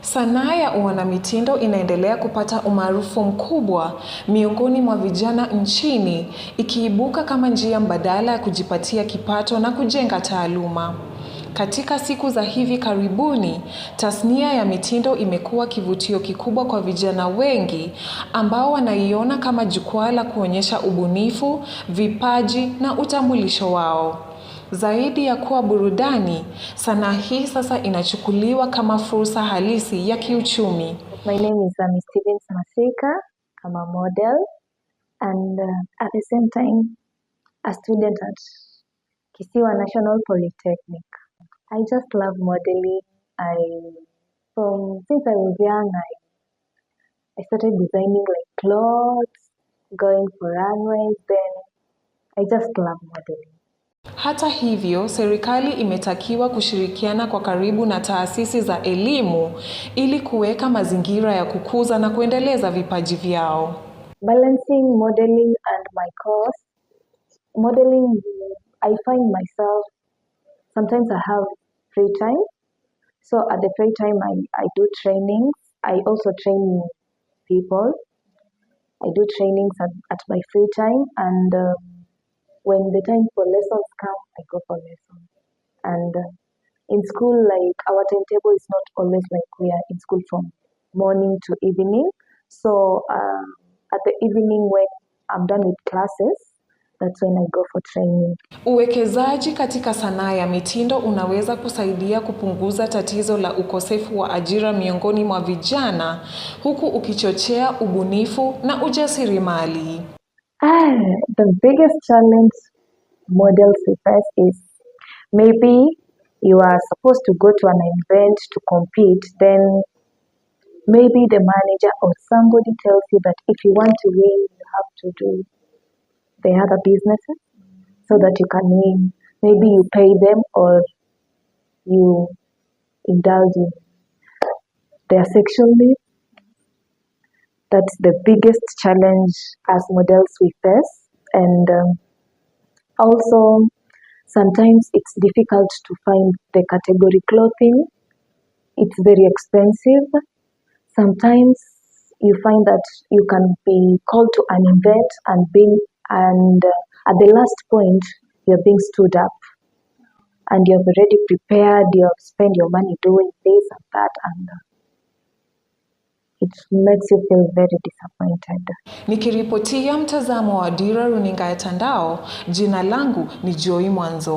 Sanaa ya uanamitindo inaendelea kupata umaarufu mkubwa miongoni mwa vijana nchini, ikiibuka kama njia mbadala ya kujipatia kipato na kujenga taaluma. Katika siku za hivi karibuni, tasnia ya mitindo imekuwa kivutio kikubwa kwa vijana wengi ambao wanaiona kama jukwaa la kuonyesha ubunifu, vipaji na utambulisho wao. Zaidi ya kuwa burudani, sanaa hii sasa inachukuliwa kama fursa halisi ya kiuchumi. My name is Amy Stevens Masika. I'm a model and uh, at the same time a student at Kisiwa National Polytechnic. I just love modeling. I from since I was young I, I started designing like clothes, going for runways, then I just love modeling. Hata hivyo, serikali imetakiwa kushirikiana kwa karibu na taasisi za elimu ili kuweka mazingira ya kukuza na kuendeleza vipaji vyao. Balancing modeling and my course. Modeling, I find myself sometimes I have free time. So at the free time I, I do trainings. I also train people. I do trainings at, at my free time and um, when the time for lessons come, I go for lessons. And uh, in school, like our timetable is not always like we are in school from morning to evening. So uh, at the evening when I'm done with classes, That's when I go for training. Uwekezaji katika sanaa ya mitindo unaweza kusaidia kupunguza tatizo la ukosefu wa ajira miongoni mwa vijana huku ukichochea ubunifu na ujasiri mali. Ah, the biggest challenge models face is maybe you are supposed to go to an event to compete, then maybe the manager or somebody tells you that if you want to win, you have to do the other businesses so that you can win. Maybe you pay them or you indulge in their sexual needs that's the biggest challenge as models we face. And um, also, sometimes it's difficult to find the category clothing, it's very expensive. Sometimes you find that you can be called to an event and being and uh, at the last point you're being stood up and you've already prepared, you've spent your money doing this and that and uh, It makes you feel very disappointed. Nikiripotia mtazamo wa Dira Runinga ya Tandao, jina langu ni Joy Mwanzo.